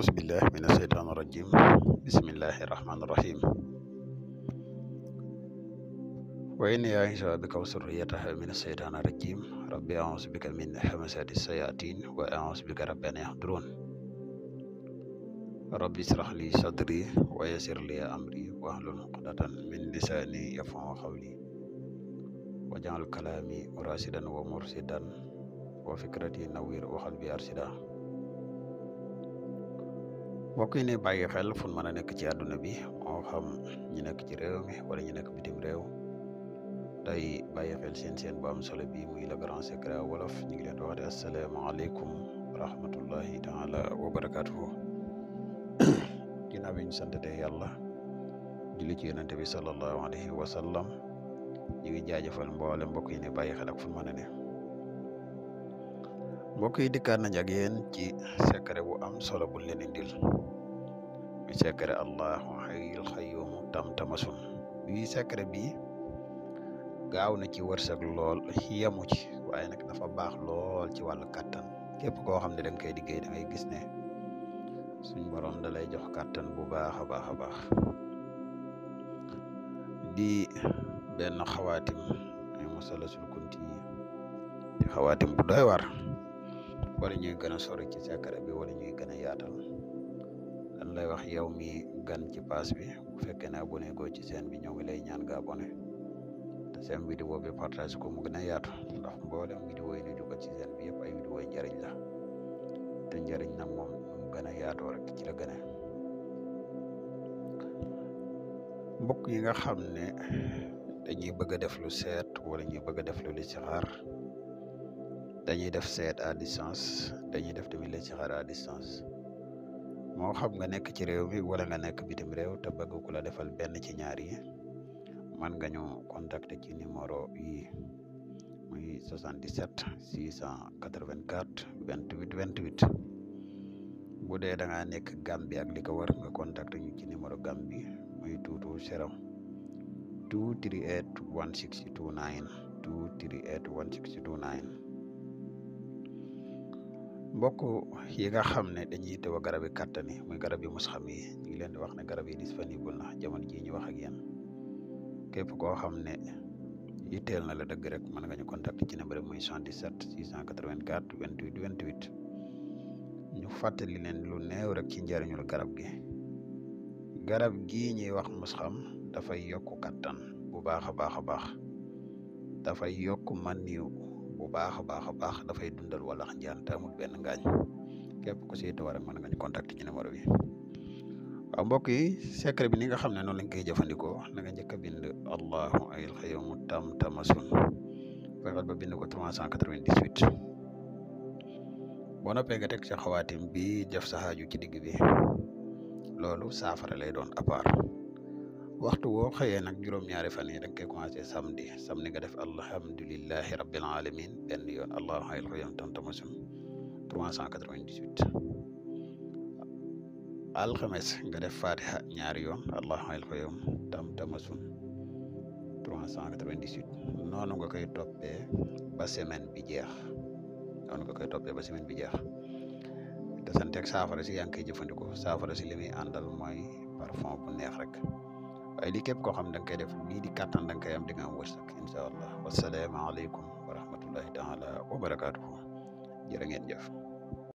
أعوذ بالله من الشيطان الرجيم بسم الله الرحمن الرحيم وإن يا أعيش بك وسريتها من الشيطان الرجيم ربي أعوذ بك من حمسات الشياطين وأعوذ بك رب أن يحضرون ربي اشرح لي صدري ويسر لي أمري وأهل عقدة من لساني يفهم قولي وجعل كلامي راشدا ومرشدا وفكرتي نوير وقلبي أرشدا mbokk yi ne bàyyi xel fu mën a nekk ci àdduna bi moo xam ñu nekk ci réew mi wala ñu nekk bitim réew tey seen seen bu am solo bi muy le grand secret wolof ñu ngi leen di wax de asalaamaaleykum wa rahmatullahi taala wa barakaatuhu ginnaaw bi ñu sant tey yàlla julli ci yonente bi sallallahu alayhi wa sallam ñu ngi jaajëfal mboole mbokk yi bàyyi xel ak fu mën a ne mbokk yi dikkaat nañ ak yéen ci secret bu am solo bu leen indil bi secret allahu xayil xayumu tam tamasun bi secret bi gaaw na ci war wërsëg lool yemu ci waaye nag dafa baax lool ci wàllu kàttan képp koo xam ne da nga koy liggéey da ngay gis ne suñ borom da lay jox kàttan bu baax a baax a baax di benn xawaatim ay masala sul kunti xawaatim bu doy war wala ñuy gën a sori ci secret bi wala ñuy gën a yaatal lay wax yow mi gan ci paas bi bu fekkee ne abonné goo ci seen bi ñoo ngi lay ñaan nga abonné te seen vidéo bi partage mu gën a yaatu ndax mboolem vidéo yi ñu dugal ci seen bi yëpp ay vidéo yi njëriñ la te njëriñ nag moom mu gën a yaatoo rek ci la gën a mbokk yi nga xam ne dañuy bëgg def lu seet wala ñuy bëgg a def lu saxaar dañuy def seet à distance dañuy def tamit listixaar à distance moo xam nga nekk ci réew mi wala nga nekk bitim réew te bëgg kul a defal benn ci ñaari man nga ñu contacter ci numéro yi muy 77 684 28 28 bu dee da ngaa nekk Gambie ak li ko war nga contacter ñu ci numéro Gambie muy tuutu seram 238 1629 238 1629 mbokk yi nga xam ne dañuy teew a garab yi kàttan yi muy garab yu mos xam yi ñu ngi leen di wax ne garab yi disponible na jamono jii ñu wax ak yéen képp koo xam ne yitteel na la dëgg rek mën nga ñu contacter ci numéro bi muy 77 684 28 28 ñu fàttali leen lu neew rek ci njëriñul garab gi garab gii ñuy wax mos xam dafay yokk kattan bu baax a baax a baax dafay yokk man niw bu baax a baax a baax dafay dundal wala njaan te amul benn ngaañ képp ku si war mën nga ñu contacter ci numéro bi waaw mbokk yi secret bi ni nga xam ne noonu lañ koy jëfandikoo na nga njëkk a bind allahu ayil xayamu tam tamasun fexeel ba bind ko 398 boo noppee nga teg ci xawaatim bi def saxaaju ci digg bi loolu saafara lay doon apart waxtu woo xëyee nag juróom-ñaari fan yi rek koy commencé samedi samedi nga def alhamdulilahi rabbil alamin benn yoon allahu hayl xuyam tam tamasum 398 alxames nga def fatiha ñaari yoon allahuma il xoyom tam tamasun 398 noonu nga koy toppee ba semaine bi jeex noonu nga koy toppee ba semaine bi jeex te santeeg saafara si yaa ngi koy jëfandikoo saafara si li muy àndal mooy parfum bu neex rek waaye lii képp koo xam ne da nga di kattan da nga koy am di nga am wërsëg incha allah wasalaamaaleykum wa rahmatullahi taala wa barakaatuhu jërë